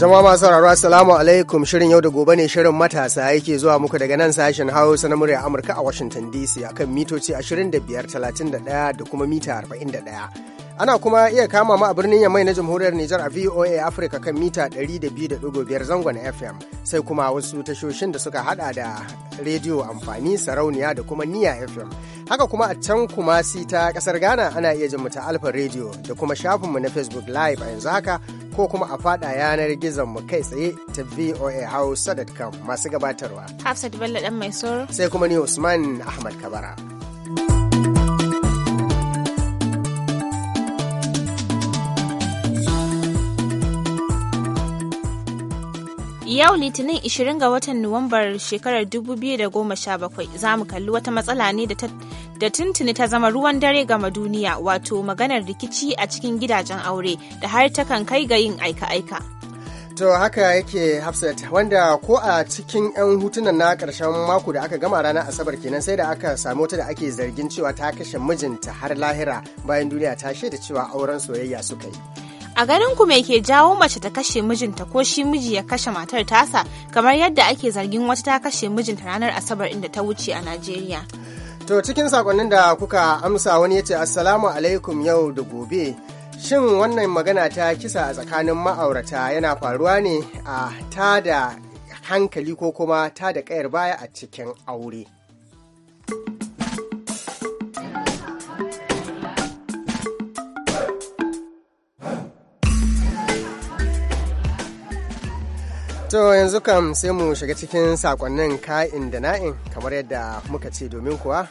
Jama'a masu sauraro Assalamu alaikum shirin yau da gobe ne shirin matasa yake zuwa muku daga nan sashen Hausa na murya Amurka a Washington DC akan mitoci 25.31 da kuma mita 41. ana kuma iya kama mu a birnin yamai na jamhuriyar Nijar a VOA Africa kan mita 200.5 zangon FM sai kuma wasu tashoshin da suka hada da rediyo amfani sarauniya da kuma niya FM haka kuma a can kuma sita ta kasar Ghana ana iya jin mu ta Alfa rediyo da kuma shafinmu na Facebook Live a yanzu haka ko kuma a fada yanar gizon mu kai tsaye ta VOA voahausa.com masu gabatarwa. Hafsat Bello dan mai soro. Sai kuma ni Usman Ahmad Kabara. Yau Litinin 20 ga watan Nuwambar shekarar 2017 za mu kalli wata matsala ne da ta da tuntuni ta zama ruwan dare ga duniya wato maganar rikici a cikin gidajen aure da har ta kan kai ga yin aika-aika. To haka yake Hafsat wanda ko a cikin 'yan hutunan na karshen mako da aka gama ranar Asabar kenan sai da aka sami wata da ake zargin cewa ta kashe mijinta har lahira bayan duniya ta shaida cewa auren soyayya suka yi. A garin ku mai ke jawo mace ta kashe mijinta ko shi miji ya kashe matar tasa kamar yadda ake zargin wata ta kashe mijinta ranar Asabar inda ta wuce a Najeriya. To cikin sakonnin da kuka amsa wani ya ce Assalamu alaikum yau da gobe. Shin wannan magana ta kisa a tsakanin ma'aurata yana faruwa ne a tada hankali ko kuma tada kayar baya a cikin aure. To yanzu kam sai mu shiga cikin sakonnin ka'in da na'in kamar yadda muka ce domin kuwa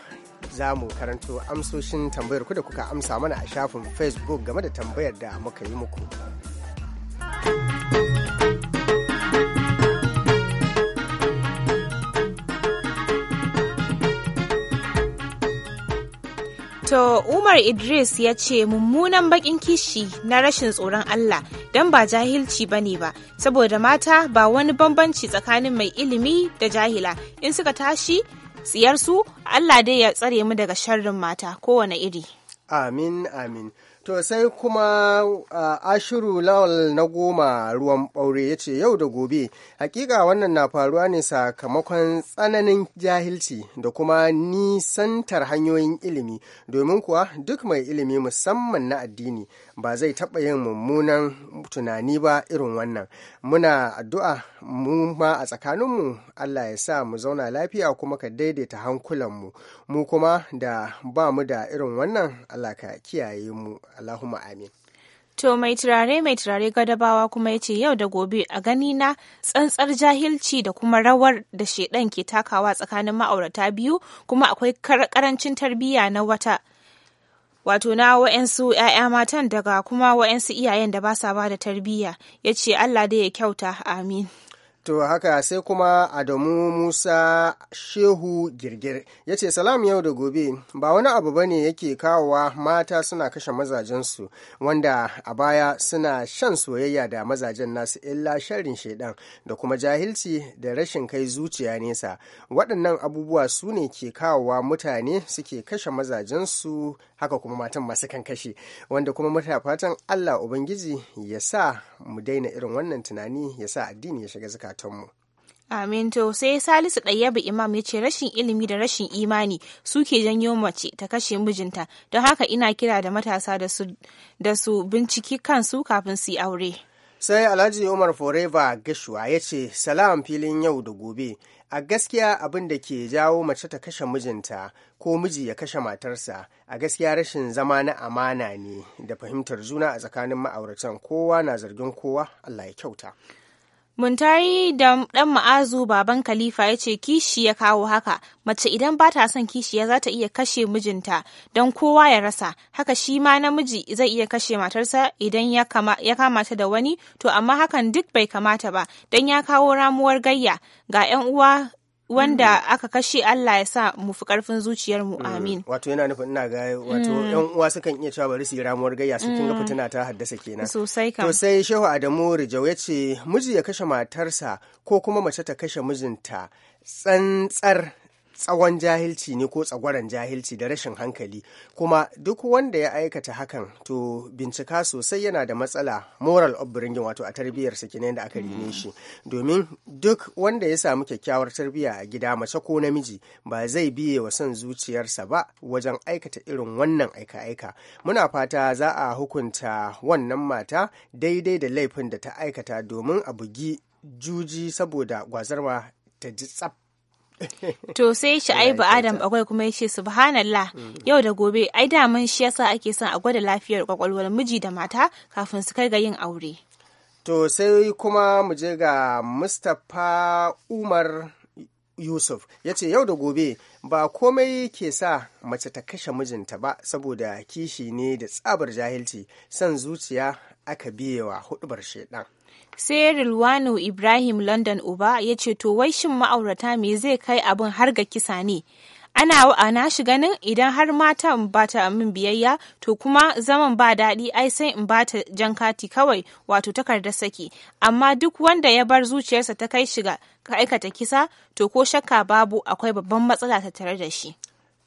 za mu karanto amsoshin tambayar ku da kuka amsa mana a shafin facebook game da tambayar da muka yi muku. To Umar Idris ya ce mummunan bakin kishi na rashin tsoron Allah don ba jahilci ba ba, saboda mata ba wani bambanci tsakanin mai ilimi da jahila in suka tashi tsiyarsu Allah dai ya tsare mu daga sharrin mata kowane iri. Amin, amin. To sai kuma uh, ashiru lawal na goma ruwan ɓaure ya ce yau da gobe, hakika wannan na faruwa ne sakamakon tsananin jahilci da kuma nisantar hanyoyin ilimi, domin kuwa duk mai ilimi musamman na addini ba zai taɓa yin mummunan tunani ba irin wannan muna addu'a mu ma a tsakaninmu allah ya sa mu zauna lafiya kuma ka daidaita hankulanmu mu kuma da ba mu da irin wannan allah ka kiyaye mu allahumma amin To mai turare mai turare gadabawa kuma ya ce yau da gobe a gani na tsantsar jahilci da kuma rawar da shedan ke takawa tsakanin ma'aurata biyu kuma akwai karancin tarbiyya na wata wato na wa'yansu ‘ya'ya matan daga kuma wa'yansu iyayen da ba sa ba da tarbiyya ya ce Allah da ya kyauta amin. To haka sai kuma Adamu Musa Shehu Girgir ya ce salam yau da gobe ba wani abu bane yake kawowa mata suna kashe mazajensu wanda a baya suna shan soyayya da mazajen nasu illa sharrin shaidan da kuma jahilci da rashin kai zuciya nesa waɗannan abubuwa su ne ke kawowa mutane suke kashe mazajensu haka kuma matan masu kan kashe wanda kuma mata fatan allah ubangiji ya sa mu daina irin wannan tunani ya sa addini ya shiga zukatanmu Amin to sai Salisu Ɗayyabu Imam ya ce rashin ilimi da rashin imani suke janyo mace ta kashe mijinta don haka ina kira da matasa da su binciki kansu kafin su yi aure. Sai Alhaji Umar Foreva Gashuwa ya ce salam filin yau da gobe a gaskiya abin da ke jawo mace ta kashe mijinta ko miji ya kashe matarsa a gaskiya rashin zama na amana ne da fahimtar juna a tsakanin ma'auratan kowa na zargin kowa allah ya kyauta Muntari da ɗan ma'azu baban Khalifa ya ce kishi ya kawo haka, mace idan ba ta son kishiya za ta iya kashe mijinta don kowa ya rasa, haka shi ma namiji zai iya kashe matarsa idan ya kama ta da wani, to amma hakan duk bai kamata ba, don ya kawo ramuwar gayya ga 'yan uwa wanda mm. aka kashe Allah ya sa mu fi karfin zuciyar mu mm. amin wato yana nufin ina ga wato mm. yan uwa sukan iya cewa bari su yi ramuwar gayya su kinga fitina ta haddasa kenan sosai kam to sai Shehu Adamu Rijau ya ce miji ya kashe matarsa ko kuma mace ta kashe mijinta tsantsar tsawon jahilci ne ko tsagwaran jahilci da rashin hankali kuma duk wanda ya aikata hakan to bincika sosai yana da matsala moral upbringing wato a tarbiyyar sa kenan da aka rine shi domin duk wanda ya samu kyakkyawar tarbiyya a gida mace ko namiji ba zai biye wa son zuciyarsa ba wajen aikata irin wannan aika-aika muna fata za a hukunta wannan mata daidai da laifin da ta aikata domin a bugi juji saboda gwazarwa ta ji tsaf to sai ba adam akwai kuma ya ce subhanallah yau da gobe ai daman shi yasa ake son a gwada lafiyar kwakwalwar miji da mata kafin su kai ga yin aure to sai kuma mu je ga mustapha umar yusuf ya ce yau da gobe ba komai ke sa mace ta kashe mijinta ba saboda kishi ne da tsabar jahilci son zuciya aka biyewa hudubar shaidan sai Rilwanu Ibrahim London Uba ya ce to wai shin ma'aurata me zai kai abin har ga kisa ne? Ana ana shi ganin idan har mata ba ta min biyayya to kuma zaman ba daɗi ai sai in ba ta jan kati kawai wato takardar saki amma duk wanda ya bar zuciyarsa ta kai shiga ka aikata kisa to ko shakka babu akwai babban matsala ta tare da shi.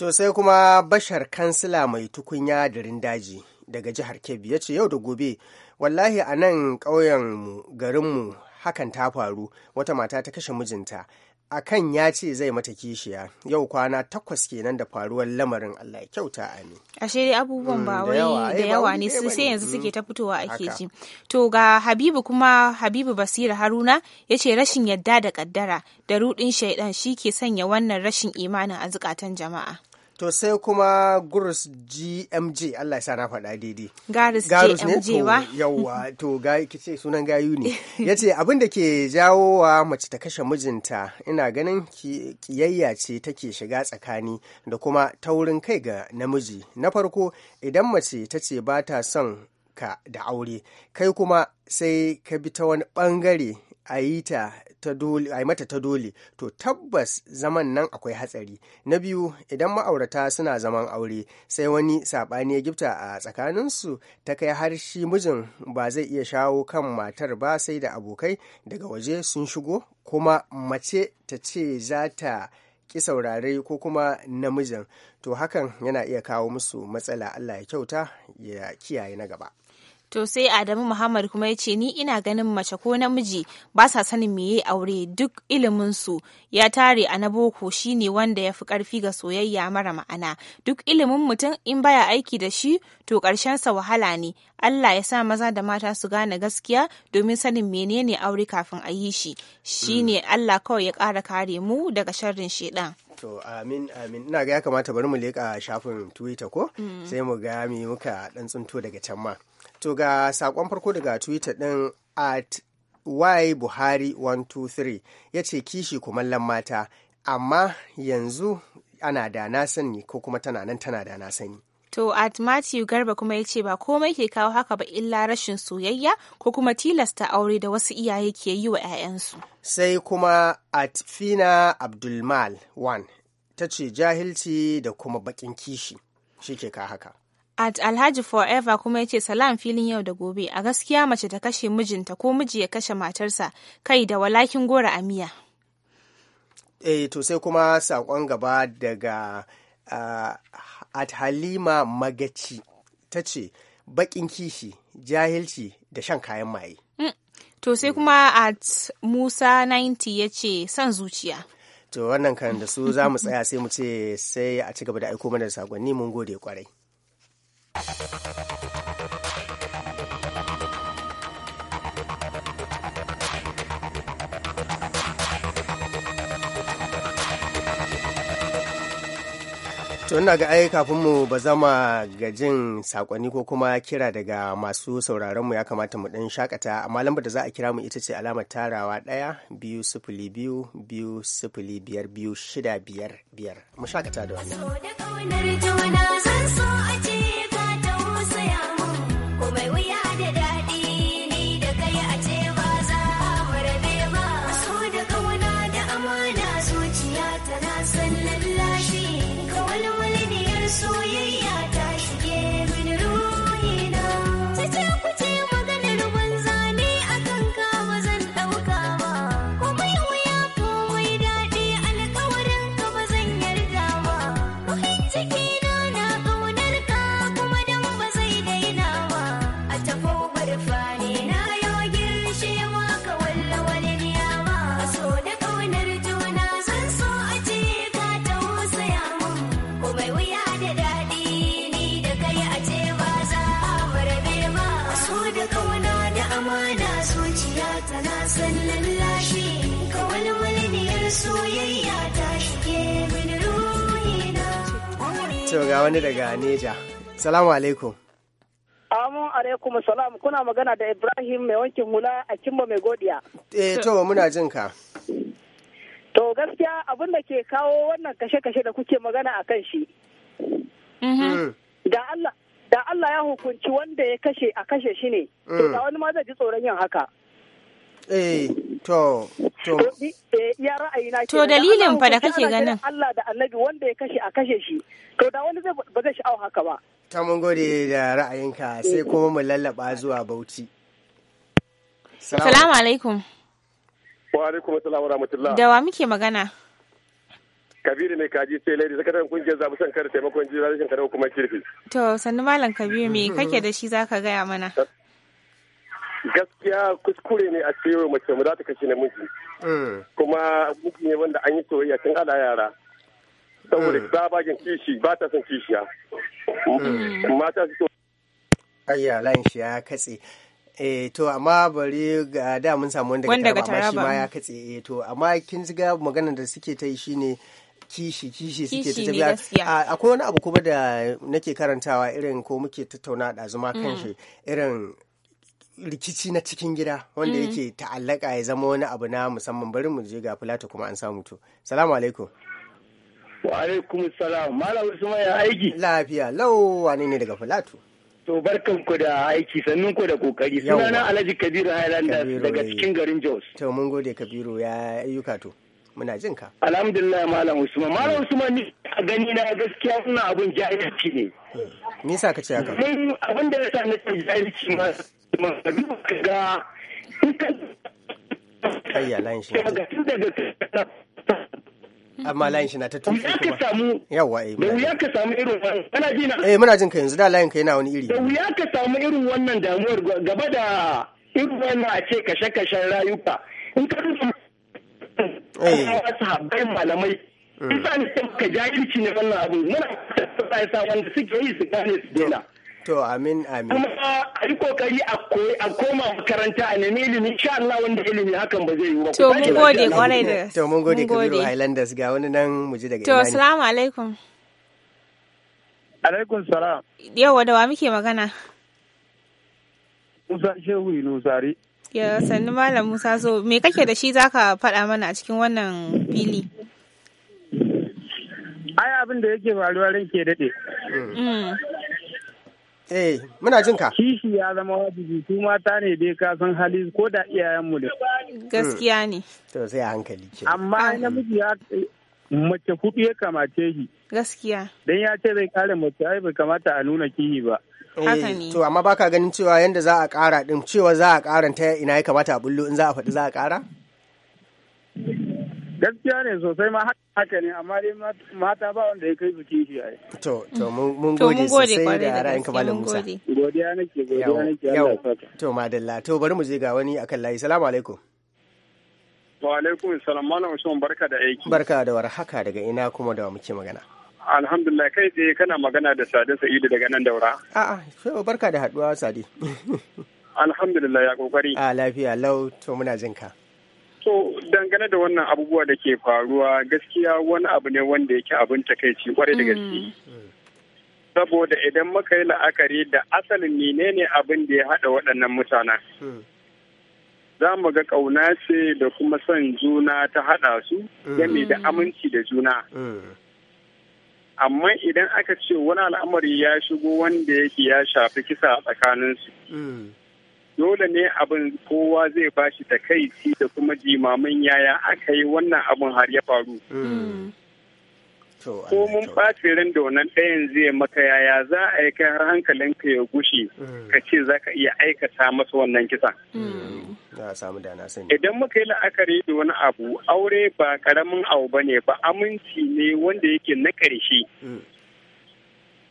To sai kuma bashar kansila mai tukunya da daji daga jihar Kebbi ya ce yau da gobe wallahi a nan ƙauyenmu garinmu hakan ta faru wata mata ta kashe mijinta a kan ya ce zai mata kishiya yau kwana takwas kenan da faruwar lamarin Allah kyauta kyauta amin ashe shirya abubuwan mm, ba wai da eh, yawa ne su sai yanzu suke mm, ta fitowa ake ji to ga Habibu kuma Habibu Basira Haruna yace rashin yadda da kaddara da rudin shaidan shi ke sanya wannan rashin imanin a zukatan jama'a To sai kuma Gurus GMJ Allah ya sa na faɗa daidai. Garus, Garus GMJ ba? Yawwa to kice sunan gayu ne. Ya ce abin da ke jawo wa mace ta kashe mijinta ina ganin kiyayya ce take shiga tsakani da kuma taurin kai ga namiji. Na farko idan mace ta ce ba ta son ka da aure kai kuma sai ka bi ta wani bangare a yi ta ta dole a mata ta dole to tabbas zaman nan akwai hatsari na biyu idan ma'aurata suna zaman aure sai wani saɓani ya gifta a tsakaninsu ta kai har shi mijin ba zai iya shawo kan matar ba sai da abokai daga waje sun shigo kuma mace ta ce za ta ki saurare ko kuma namijin to hakan yana iya kawo musu matsala allah ya kyauta ya kiyaye na gaba To sai Adamu Muhammad kuma ya ce ni ina ganin mace ko namiji ba sa sanin meye aure duk ilimin su ya tare a na boko shine wanda ya fi karfi ga soyayya mara ma'ana duk ilimin mutum in baya aiki da shi to sa wahala ne Allah ya sa maza da mata su gane gaskiya domin sanin menene aure kafin a yi shi shine mm. Allah kawai ya ƙara kare mu daga sharrin shedan. To amin amin ina ga ya kamata bari mu leƙa shafin Twitter ko mm. sai mu ga me muka dan tsinto daga can ma. to ga sakon farko daga twitter din at y buhari 123 ya ce kishi kumallon mata amma yanzu ana da na sani ko kuma tana nan tana da na sani To at Matthew Garba kuma ya ce ba komai ke kawo haka ba illa rashin soyayya ko kuma tilasta aure da wasu iyaye ke yi wa 'ya'yansu. Sai kuma at Fina Abdulmal 1 ta ce jahilci da kuma bakin kishi shi ke ka haka. at alhaji forever kuma ya ce salam filin yau da gobe a gaskiya mace ta kashe mijinta ko miji ya kashe matarsa kai da walakin gora a miya eh to sai kuma saƙon gaba daga uh, at halima magaci ta ce baƙin kishi jahilci da shan kayan maye mm. to sai kuma at musa 90 ya ce son zuciya to wannan kan da su za mu tsaya sai mu ce sai a ci gaba da aiko mana da sakonni mun gode kwarai To ina ga ai kafin mu ba zama ga sakonni ko kuma kira daga masu sauraron mu ya kamata mu ɗan shakata amma lambar da za a kira mu ita ce alamar tarawa ɗaya biyu sifili biyu biyu sifili biyar biyu shida biyar biyar mu shakata da wannan. wani daga Neja. Salamu alaikum. Amun alaikum salam kuna magana da Ibrahim mai wankin hula a Kimba mai godiya. Eh to muna jin ka. To gaskiya abin da ke kawo wannan kashe-kashe da kuke magana a kan shi. Mm-hmm. Mm. Da Allah da Allah ya hukunci wanda ya kashe a kashe shi ne. To mm. da wani ma zai ji tsoron yin haka. Eh, to, to. To eh, dalilin fa da kake ganin. Allah da Annabi wanda ya kashe a kashe shi. To da wani zai ba zai sha'awa haka ba. Ta mun gode da ra'ayinka sai eh. kuma mu lallaba zuwa Bauchi. Salamu alaikum. Wa alaikum assalamu wa rahmatullah. Da wa muke magana? Kabiru mai kaji sai lady sakataren kungiyar zabu san kare taimakon jira rashin kare hukumar kirfi. To sannu malam Kabiru me kake da shi zaka gaya mana? gaskiya kuskure ne a cewa mace mu za ta kashe namiji eh. kuma miji ne wanda an yi soyayya tun ana yara saboda babagin eh. kishi ba ta son kishiya eh. mata su ayya layin shi ya katse eh to amma bari ga da mun samu wanda ga taraba shi ma ya katse eh to amma kin ga maganar da suke ta yi shine kishi kishi suke ta tafiya akwai wani abu kuma da nake karantawa irin ko muke tattauna da zuma kan mm. shi irin rikici na cikin gida wanda mm. yake ta'allaka ya zama wani abu na musamman bari mu je ga fulata kuma an samu to salamu alaikum wa alaikum salam malam usman ya aiki lafiya lau wani ne daga fulatu to barkan ku da aiki sannun ku da kokari sunana alhaji kabiru highlanders daga eh. cikin garin jos to mun gode kabiru ya ayyuka to muna jin ka alhamdulillah malam usman mm. malam usman ni a gani na gaskiya Ina abun jahilci ne nisa mm. ka ce haka abin da ya sa na ce jahilci ma ga layin shi amma layin shi na ta tuke kuma yawa eh da wuya ka samu irin wannan kana ji na eh muna jin ka yanzu da layin ka yana wani iri da wuya ka samu irin wannan damuwar gaba da irin wannan a ce kashe-kashen rayuka in ka rufe eh. wasu habbai malamai isa ne ka jahilci ne wannan abu muna da wanda suke yi su gane su daina. To amin amin. Kuma a yi kokari a koma makaranta a nemi ilimi sha Allah wanda ilimi hakan ba zai yi ba. To mun gode kwarai da. To mun gode Kabiru Highlanders ga wani nan mu ji daga To assalamu alaikum. Alaikum salam. yau wadawa muke magana? Musa Shehu Inusari. Ya sannu Malam Musa so me kake da shi zaka faɗa mana a cikin wannan fili? Ai abin da yake faruwa ran ke daɗe. Mm. Eh, muna jin ka. Kishi ya zama wajibi su mata ne dai ka san hali ko da iyayen mu da. Gaskiya ne. To sai a hankali ce. Amma namiji ya mace hudu ya kamace shi. Gaskiya. Dan ya ce zai kare mace ai bai kamata a nuna kihi ba. Eh, to amma baka ganin cewa yanda za a kara din cewa za a karanta ina ya kamata a bullo in za a faɗi za a kara? gaskiya ne sosai ma haka ne amma dai mata ba wanda ya kai bikin shi ai to to mun mm. gode sosai da ra'ayinka malam Musa godiya nake godiya nake Allah ya saka to madalla to bari mu je ga wani akan layi assalamu alaikum wa alaikum salam malam Usman barka da aiki barka da warhaka daga ina kuma da muke magana alhamdulillah kai tsaye kana magana da Sadi Sa'idu daga nan daura a'a sai barka da haduwa Sadi alhamdulillah ya kokari a lafiya lau to muna jinka So, dangane da wannan abubuwa da ke faruwa gaskiya wani abu ne wanda yake abin takaici kwarai da gaske. Mm. Saboda idan muka yi la'akari da asalin ne abin da ya haɗa waɗannan mutanen. Mm. Za mu ga ƙauna ce da kuma son juna ta haɗa su mm. game da aminci da juna. Amma idan aka ce wani al'amari ya shigo wanda yake ya shafi kisa a tsakaninsu. dole ne abin kowa zai bashi takaici da kuma jimamin yaya aka yi wannan abin har ya faru. Hmm. ko mun ɓace ran da wannan ɗayan zai maka yaya za a yi kai har hankalinka ya gushe hmm. ka ce za ka iya aikata masa wannan kisa. Hmm. Idan muka yi la'akari da wani abu aure ba karamin abu ba ne ba aminci ne wanda yake na ƙarshe.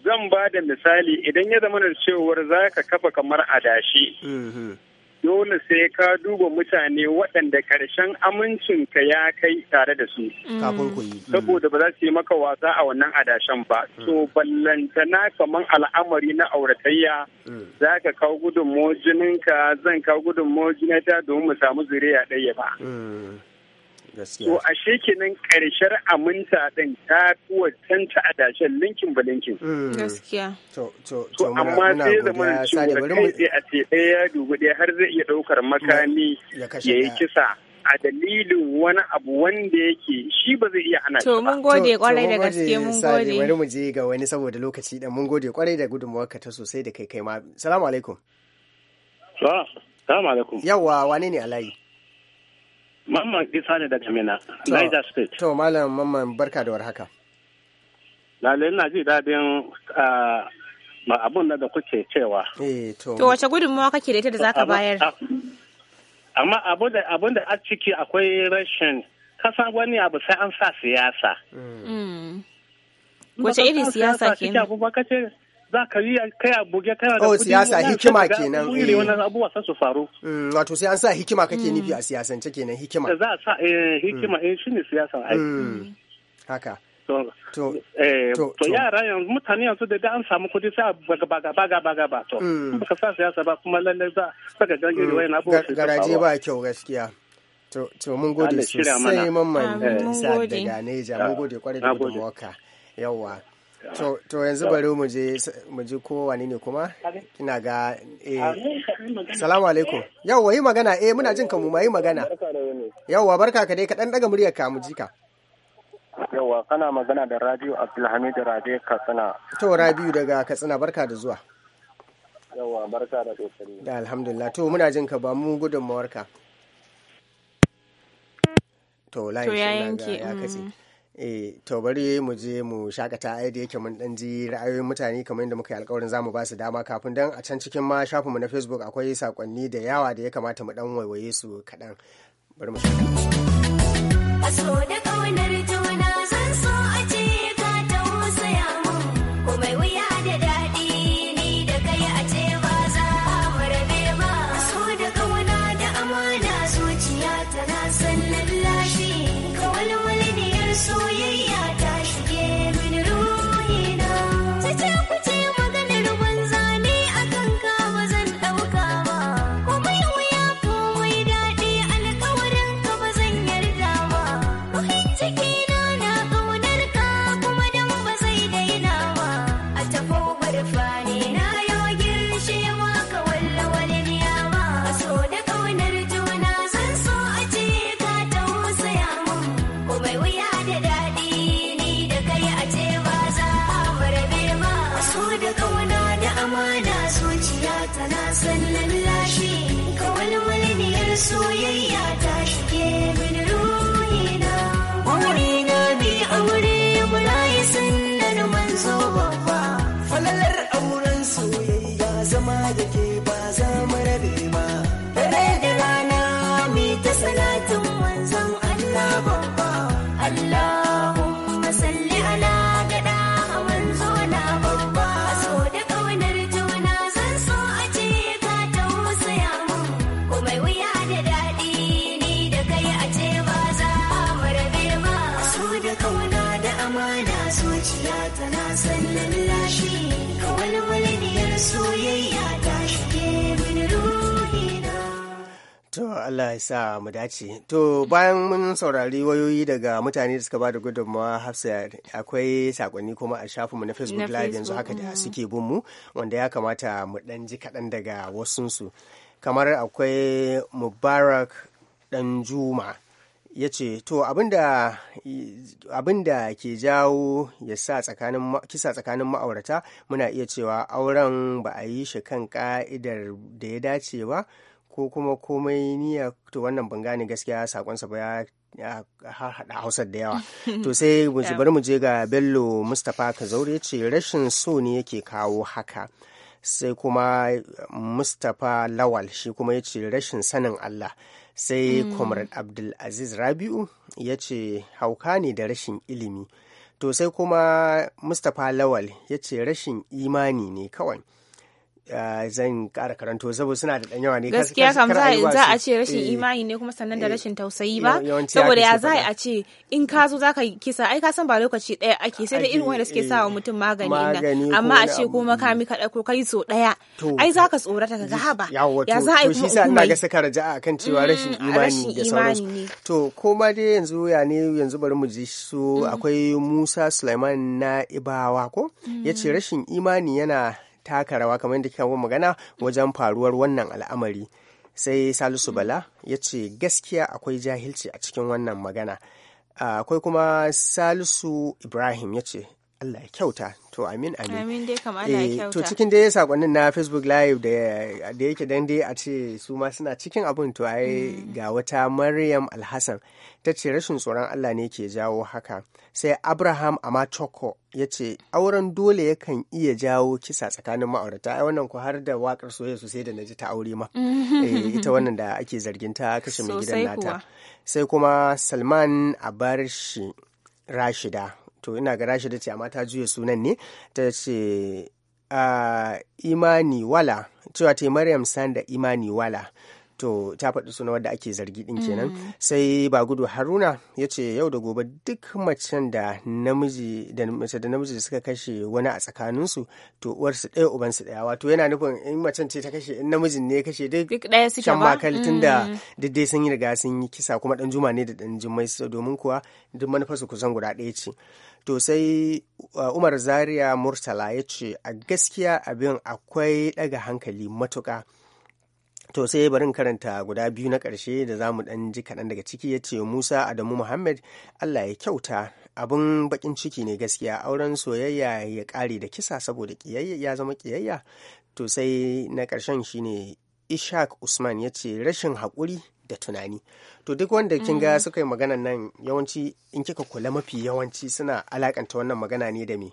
zan ba da misali idan ya zama da cewar za ka kafa kamar adashi mhm. dole sai ka duba mutane waɗanda ƙarshen amincinka ya kai tare da su saboda ba za su yi maka wasa a wannan adashen ba mm. to ballanta na kamar al'amari na auratayya mm. za ka kawo gudun jininka zan kawo gudun jinata domin mu samu zuriya ɗaya ba mm. To ashe kenan karshen aminta din ta kuwa tanta a dashen linkin ba linkin. Mm. Gaskiya. To amma sai zama ciwo kai sai a ce ɗaya ya dubu ɗaya har zai iya ɗaukar makami ya yi kisa. a dalilin wani abu wanda yake shi ba zai iya ana to mun gode kwarai da gaske mun gode bari mu je ga wani saboda lokaci da mun gode kwarai da ka ta sosai da kai kai ma assalamu alaikum salamu alaikum yawa wane ne alayi Mamman Isa ne daga Mina, Niger State. To, Malam Mamman barka da warhaka. Lalai na ji daɗin abun da kuke cewa. Eh, to, wace gudunmawa kake da ita da za ka bayar? Amma abun da a ciki akwai rashin kasan wani abu sai an sa siyasa. Mm. Mm. Wace irin siyasa ke? za ka yi kai a buge kana da oh, kudi siyasa hikima kenan ne mm. wannan abubuwa san su faru mm, wato sai an sa hikima kake mm. nufi a siyasance kenan hikima za a sa eh, hikima eh shine siyasa haka eh, to yara yanzu mutane yanzu da an samu kudi sai a baga baga baga ba to baka sa siyasa ba kuma lalle za ka ga gangare wayan abubuwa garaje ba kyau gaskiya to mun gode sosai mamman Isa daga Neja mun gode kwarai da gudunmuwarka yawa to yanzu bari mu je mu je ko wani ne kuma ina ga eh salamu alaikum yawwa yi magana eh muna jin ka mu yi magana yawwa barka ka dai ka dan daga muryar ka mu ji ka wa kana magana da Rabiu Abdulhamid Rabe Katsina to Rabiu daga Katsina barka da zuwa yawwa barka da kokari da alhamdulillah to muna jin ka ba mu gudun mawarka to shi ya katse mm. eh to bari mu je mu shakata a da yake mun dan ji ra'ayoyin mutane kamar yadda muka yi alkawarin zamu ba su dama kafin dan a can cikin ma shafinmu na Facebook akwai sakonni da yawa da ya kamata mu dan waiwaye su kaɗan bari mu shakata. Allah ya sa mu dace. To bayan mun saurari wayoyi daga mutane da suka ba da gudunmawa Hafsa akwai sakonni kuma a shafinmu na Facebook Live yanzu haka da mm. suke bin mu wanda ya kamata mu dan ji kaɗan daga wasunsu. Kamar akwai Mubarak Danjuma ya ce to abinda da ke jawo ya sa tsakanin kisa tsakanin ma'aurata muna iya cewa auren ba a yi shi kan ka'idar da ya dace ba ko kuma komai niyya to wannan ban gane gaskiya sakonsa ba ya haɗa hausar da yawa to sai bari mu je ga bello mustapha kazaure ce rashin so ne yake kawo haka sai kuma mustapha lawal shi kuma ya ce rashin sanin allah sai hmm. comrade abdulaziz rabi'u ya ce hauka ne da rashin ilimi to sai kuma mustapha lawal ya ce rashin imani ne kawai Eh, zan ƙara karanto saboda suna da ɗan yawa ne gaskiya kam za a ce rashin eh. imani ne kuma sannan da eh. rashin tausayi ba saboda ya za a ce in ka zo zaka kisa ai ka san ba lokaci ɗaya ake sai da irin wanda suke sawa mutum magani nan amma a ce ko makami ka ɗauko kai so ɗaya ai ka tsorata ka ga haba ya za a yi kuma umai ina ga saka raja'a kan cewa mm, rashin imani da sauransu to koma dai yanzu ya ne yanzu bari mu ji su mm. akwai Musa Sulaiman na Ibawa ko mm. yace rashin imani yana taka rawa kamar yadda kika magana wajen faruwar wannan al'amari sai salisu bala ya ce gaskiya akwai jahilci a cikin wannan magana akwai kuma salisu ibrahim ya ce allah ya kyauta To amin amin. Amin dai kamar ana eh, kyauta. To cikin dai sakonnin na Facebook live da yake dan dai a ce su ma suna cikin abun to ai mm. ga wata Maryam Alhassan ta ce rashin tsoron Allah ne ke jawo haka. Sai Abraham Amachoko ya ce auren dole yakan iya jawo kisa tsakanin ma'aurata ai wannan ku har da wakar soyayya sosai da naji ta aure ma. Eh, ita wannan da ake zargin ta kashe mai gidan nata. Sai kuma Salman Abarshi Rashida to ina ga rashida ce amma ta juya sunan ne ta ce uh, imani wala cewa ta maryam sanda imani wala to ta faɗi suna wadda ake zargi din kenan mm. sai ba gudu haruna ya ce yau da gobe duk macen da namiji da mace da namiji suka kashe wani a tsakaninsu to uwarsu ɗaya ubansu ɗaya wato yana nufin in macen ce ta kashe in namijin ne kashe duk ɗaya shan makal tun da mm. duk sun yi riga sun yi kisa kuma ɗan juma ne da ɗan jima'i domin kuwa duk manufarsu kusan guda ɗaya ce to sai uh, umar zaria murtala ya ce a gaskiya abin akwai ɗaga hankali matuƙa to sai barin karanta guda biyu na ƙarshe da za mu ɗan ji kaɗan daga ciki ya ce musa adamu muhammad allah ya kyauta abin baƙin ciki ne gaskiya auren soyayya ya ƙare da kisa saboda ƙiyayya ya zama ƙiyayya to sai na ƙarshen shine ishaq usman ya ce rashin haƙuri da tunani to duk wanda kin ga mm. suka yi maganan nan yawanci in kika kula mafi yawanci suna alakanta wannan magana ne da me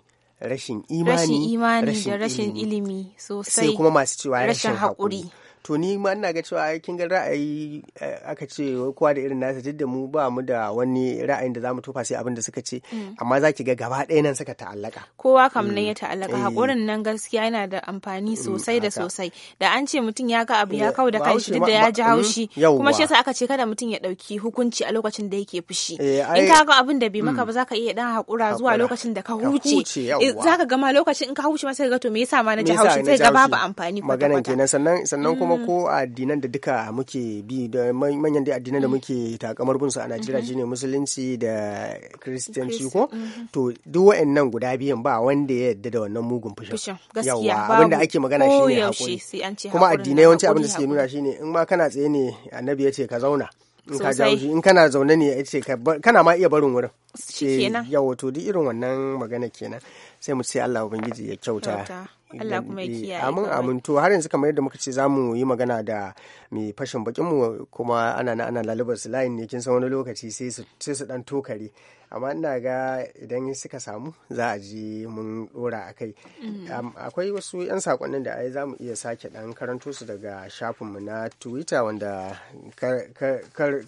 rashin imani rashin imani da rashin ilimi sosai sai kuma masu cewa rashin hakuri to ni ma ina ga cewa kin ga ra'ayi eh, aka ce kowa da irin nasa jidda mu ba mu da wani ra'ayin da zamu tofa sai abin da suka ce mm. amma za ki ga gaba ɗaya nan suka ta'allaka kowa kam nan ya mm. ta'allaka eh. hakurin nan gaskiya yana da amfani mm, sosai da sosai da an ce mutum ya ga abu ya eh, kawo da kanshi duk da ya ji haushi kuma shi yasa aka ce kada mutum ya ɗauki hukunci a lokacin da yake fushi in ka ga abin da bai maka ba za ka iya dan hakura zuwa lokacin da ka huce za ka gama lokacin in ka huce ma sai ka ga to me yasa ma na ji haushi sai ga babu amfani ko kwata kenan sannan sannan kuma kuma mm. ko addinan da duka muke bi da manyan da addinan da mm. muke takamar bin su a Najeriya mm-hmm. shine musulunci da kristanci ko mm. to duk wa'annan guda biyan ba wanda ya yadda da wannan mugun fushin yawa abinda ake magana shine hakuri kuma addinai yawanci abin da suke nuna shine in ma kana tsaye ne annabi ya ce ka zauna sosai in kana zaune ne ya ce kana ma iya barin wurin shikenan eh, ya wato duk irin wannan magana kenan sai mu ce Allah ubangiji ya kyauta Allah kuma ya eh, kiyaye amin amin to har yanzu kamar yadda muka ce zamu yi magana da mai fashin bakin mu kuma ana na ana lalubar su layin ne kin san wani lokaci sai su sai su dan tokare amma ina ga idan suka samu za a ji mun dora a kai mm. akwai wasu 'yan sakonnin da ai za mu iya sake dan karanto su daga shafinmu na twitter wanda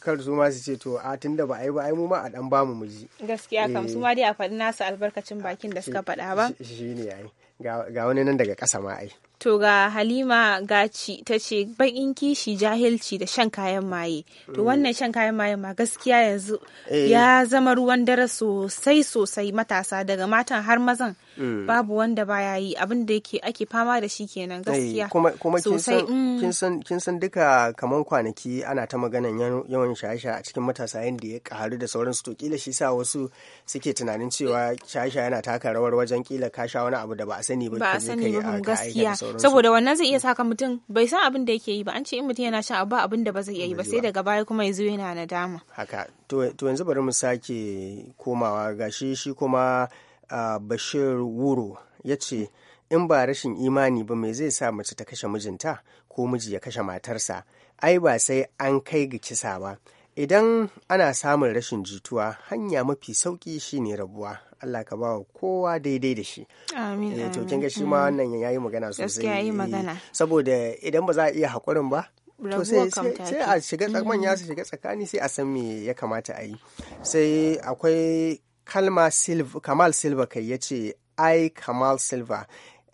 kar su ma su ce to a tun da ba a yi ba ai mu ma a dan bamu mu ji gaskiya kam eh. su ma dai a faɗi nasu albarkacin bakin da suka ah, faɗa ba shi ne ga wani nan daga kasa ma ai To ga Halima Gaci ta ce baƙin kishi jahilci da shan kayan maye. To mm. wannan shan kayan maye ma gaskiya yanzu eh. ya zama ruwan dare sosai sosai matasa daga matan har mazan. Mm. Babu wanda baya yi abinda yake ake fama da shi kenan gaskiya. Kuma mm. kin san duka kaman kwanaki ana ta maganan yawan shasha a cikin matasa yadda ya karu da sauransu to kila shi sa wasu suke tunanin cewa Shaisha yana taka rawar wajen kila ka sha wani abu da ba a sani ba. Ba a sani ba gaskiya. saboda wannan zai iya saka mutum bai san abin da yake yi ba an ce in mutum yana sha abu abin da ba zai iya yi ba sai daga baya kuma ya zo yana nadama haka to yanzu bari mu sake komawa gashi shi kuma bashir wuro ya ce in ba rashin imani ba me zai sa mace ta kashe mijinta ko miji ya kashe matarsa ai ba sai an kai ga kisa ba idan ana samun rashin jituwa hanya mafi sauki shine rabuwa Allah ka bawa kowa daidai da shi amin eh, to kin ga shi ma mm. wannan yayi magana sosai yi magana saboda idan ba za a iya hakurin ba to sai a shiga mm. manya su shiga tsakani sai a san me ya kamata a yi sai akwai kalma kamal silva kai ya ce ai kamal silva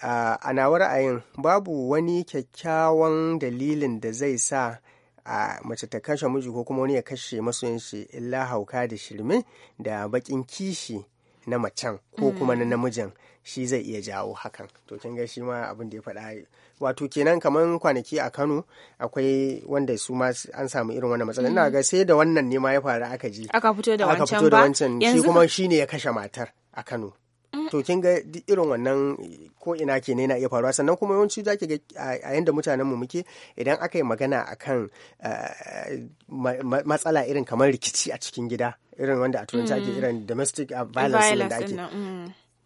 ah, a nawar ra'ayin babu wani kyakkyawan dalilin da zai sa a mace ta kashe miji ko kuma wani ya kashe masu shi illa hauka da shirme da bakin kishi na macen ko mm. kuma na namijin shi zai iya jawo hakan to kin ga shi ma abin da ya faɗa wato kenan kaman kwanaki a Kano akwai wanda su ma an samu irin wannan matsalar. ina mm. ga sai da wannan ne ma ya faru aka ji aka fito da wancan ba yanzu shi kuma shine ya kashe matar a Kano to kin ga irin wannan ko ina ke ne na iya faruwa sannan kuma yawanci zaki ga a yanda mutanen mu muke idan aka yi magana akan eh, matsala irin kamar rikici a cikin gida irin wanda a turanci ake mm. irin domestic ah, violence da ake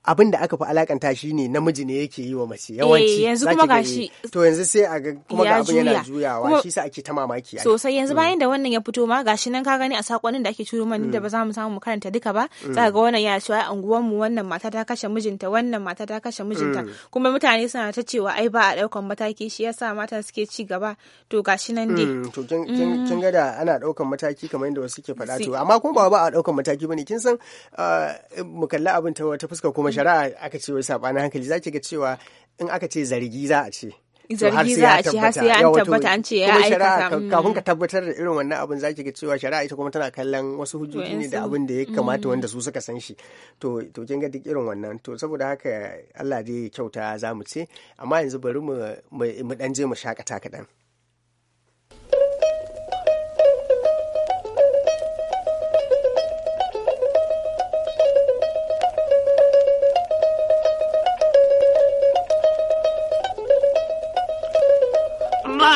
abin da aka fi alakanta shi ne namiji ne yake yi wa mace yawanci eh, yanzu kuma gashi eh, to yanzu sai a ga kuma ga abin yana juyawa shi sa ake ta mamaki sosai yanzu mm. bayan da wannan ya fito ma gashi nan ka gani a sakonin da ake turo mana da mm. ba za mu samu karanta duka ba mm. za ga wannan ya shi anguwan mu wannan mata ta kashe mijinta wannan mata ta kashe mijinta kuma mutane suna ta cewa ai ba a daukan mataki shi yasa mata suke ci gaba to gashi nan dai to kin ga da ana daukan mataki kamar yadda wasu suke faɗa to amma kuma ba ba a daukan mataki bane kin san uh, mu kalli abin ta wata fuska kuma shari'a aka ce wai sabanin hankali zaki ga cewa in aka ce zargi za a ce zargi za a ce har sai an tabbata an ce ya aikata mm. kafin ka tabbatar da irin wannan abin zaki ga cewa shari'a ita kuma tana kallon wasu hujjoji ne da abin da ya kamata mm. wanda su suka san shi to to kin ga duk irin wannan to saboda haka Allah dai kyauta za mu ce amma yanzu bari mu mu dan je mu shakata kaɗan.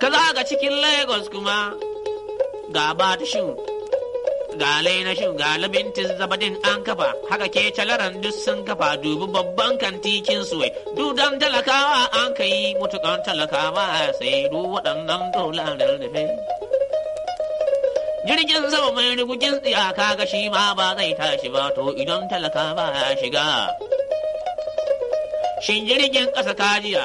ka za ga cikin lagos kuma ga batishin ga shin ga labintin zabadin an kafa haka ke calaran duk sun kafa dubi babban kantikin suwai dudan talakawa an ka yi mutukan talakawa sai du waɗannan dolarar da jirgin sama mai rigugin tsiyaka ga shi ma ba zai tashi ba to idan talakawa ya shiga shin jirgin ƙasa kajiya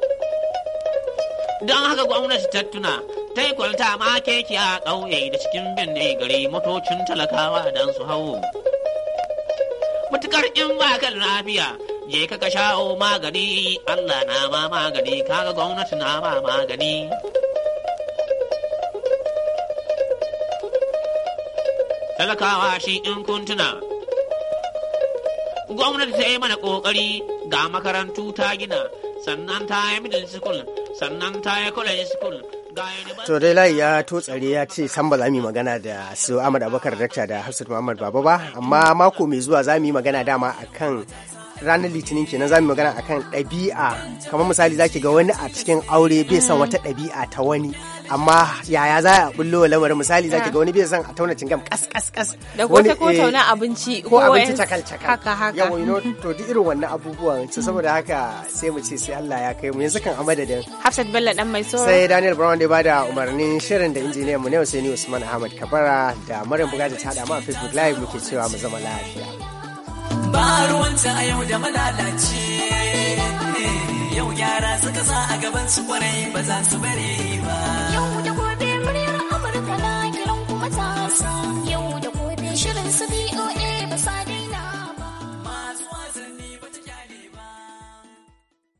Don haka gwamnati ta tuna ta yi kwalta ma keke a ƙauye da cikin binne gari motocin talakawa don su hau. Mutukar in ba kan lafiya je ka ka shawo magani Allah na ma magani kaga gwamnati na ma magani. Talakawa shi in kuntuna. Gwamnati ta yi mana ƙoƙari ga makarantu ta gina sannan ta yi middle school sannan ta yi kula school to dai layi ya totsare ya ce san ba za mu yi magana da su ahmad abubakar dakta da hafsat muhammad baba ba amma mako mai zuwa za mu yi magana dama akan ranar litinin kenan za mu magana akan ɗabi'a kamar misali zaki ga wani a cikin aure bai son wata ɗabi'a ta wani amma yaya za a bullo lamarin misali zaki ga wani bai son a tauna cingam kas kas kas da ko ta ko eh, tauna abinci ko abinci takal takal haka haka you know to duk irin wannan abubuwan to saboda haka sai mu ce sai Allah ya kai mu yanzu kan a madadin Hafsat Bello dan mai so sai Daniel Brown da bada umarnin shirin da injiniyan mu ne Hussein Usman Ahmad Kabara da Maryam Bugaji ta hada mu a Facebook live muke cewa mu zama lafiya ba ruwanta a yau da malalace eh, yau gyara suka sa a gaban su kwarai ba za su bare ba